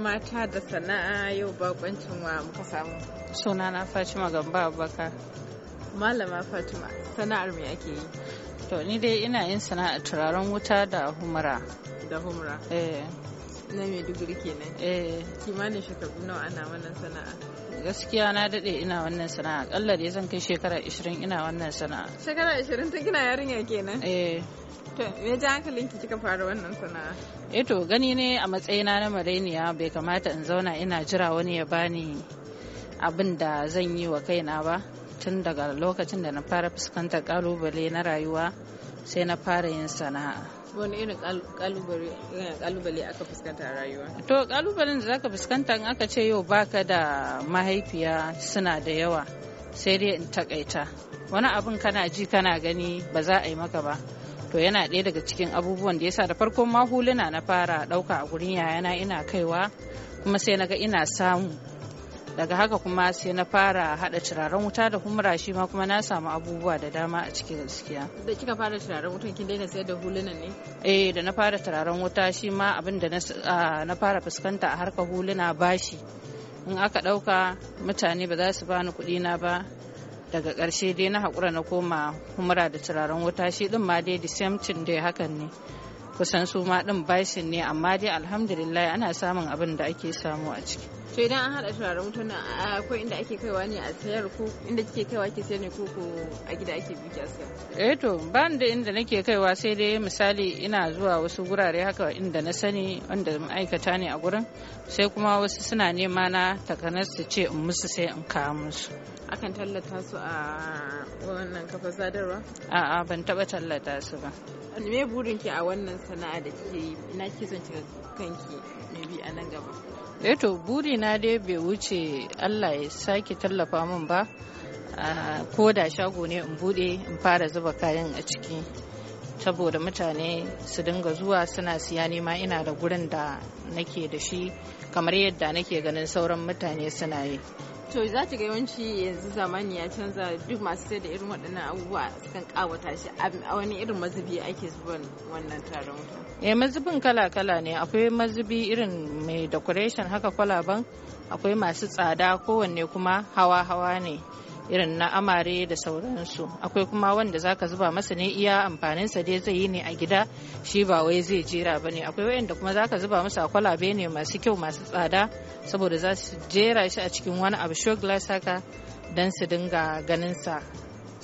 mata da sana'a yau bakoncin wa muka samu. na Fatima Gamba Abubakar. Malama Fatima, sana'ar me ake yi? To ni dai ina yin sana'a turaren wuta da humra. Da humra? Eh. Na digiri kenan? Eh. Kimanin shekaru nawa ana wannan sana'a? Gaskiya na dade ina wannan sana'a. Akalla dai zan kai shekara 20 ina wannan sana'a. Shekara 20 tun kina yarinya kenan? Eh. me ji hankalinki kika fara wannan sana'a? Eh to gani ne a matsayina na mareniya bai kamata in zauna ina jira wani ya bani abin da zan yi wa kaina ba tun daga lokacin da na fara fuskantar kalubale na rayuwa sai na fara yin sana'a. wani irin kalubale aka fuskanta a rayuwa to kalubalen da zaka fuskanta in aka ce yau baka da mahaifiya suna da yawa sai dai in takaita wani abin kana ji kana gani ba za a yi maka ba to yana ɗaya daga cikin abubuwan da yasa da farkon ma huluna na fara ɗauka a gurin yayana ina kaiwa kuma sai na ga ina samu daga haka kuma sai na fara hada turaren wuta da humra shi ma kuma na samu abubuwa da dama a cikin gaskiya da kika fara turaren wutan kin daina sayar da hulunan ne eh da na fara turaren wuta shi ma abin da na fara fuskanta a harkar huluna bashi in aka dauka mutane ba za su bani kuɗi na ba daga ƙarshe dai na haƙura na koma humura da turaren wuta shi din ma dai the same thing dai hakan ne kusan su ma din bashin ne amma dai alhamdulillah ana samun abin da ake samu a ciki to idan an haɗa turaren wuta akwai inda ake kaiwa ne a sayar ko inda kike kaiwa ke sayar ne ko ko a gida ake bi ke sayar eh to ba da inda nake kaiwa sai dai misali ina zuwa wasu gurare haka inda na sani wanda ma'aikata ne a gurin sai kuma wasu suna nema na takanas su ce in musu sai in kawo musu akan tallata su a wannan kafar sadarwa a'a ban taba tallata su ba me burin ki a wannan sana'a da kike yi ina kike son kika kanki bi a nan gaba eh to buri na dai bai wuce Allah ya sake tallafa min ba ko da shago ne in bude in fara zuba kayan a ciki saboda mutane su dinga zuwa suna siya nema ina da gurin da nake da shi kamar yadda nake ganin sauran mutane suna yi to za ta ga yawanci yanzu zamani ya canza duk masu sai da irin waɗannan abubuwa sukan kawata shi a wani irin mazubi ake zuban wannan taron wuta eh, mazubin kala kala ne akwai mazubi irin mai decoration haka kwalaban akwai masu tsada kowanne kuma hawa hawa ne irin na amare da sauransu akwai kuma wanda zaka zuba masa ne iya amfaninsa dai zai yi ne a gida shi ba wai zai jera ba ne akwai wayanda kuma zaka zuba masa kwalabe ne masu kyau masu tsada saboda za su jera shi a cikin wani abu shogla saka don su dinga ganin sa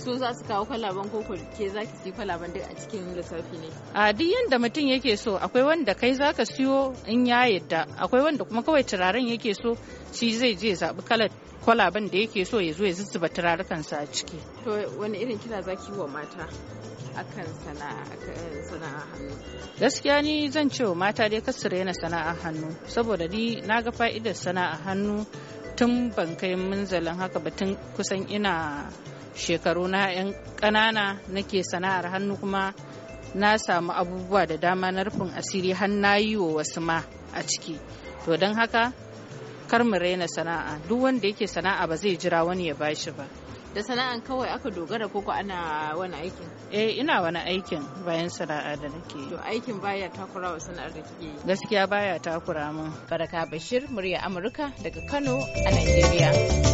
su za su kawo kwalaban ko ke za ki siyo kwalaban duk a cikin lissafi ne a duk yadda mutum yake so akwai wanda kai za ka siyo in ya yadda akwai wanda kuma kawai turaren yake so shi zai je zaɓi kalar kwalaban da yake so ya zo ya zuzzuba turarukansa a ciki to wani irin kira za ki wa mata akan sana'a hannu gaskiya ni zan ce wa mata dai kasu raina sana'a hannu saboda ni na ga fa'idar sana'a hannu tun ban kai munzalin haka ba tun kusan ina shekaru na 'yan ƙanana nake sana'ar hannu kuma na samu abubuwa da dama na rufin asiri har na yi wa wasu ma a ciki to don haka kar mu raina sana'a duk wanda yake sana'a ba zai jira wani ya bashi ba da sana'an kawai aka dogara ko ana wani aikin eh ina wani aikin bayan sana'a da nake to aikin baya takura wa sana'ar da kike yi gaskiya baya takura mun baraka bashir murya amurka daga kano a Najeriya.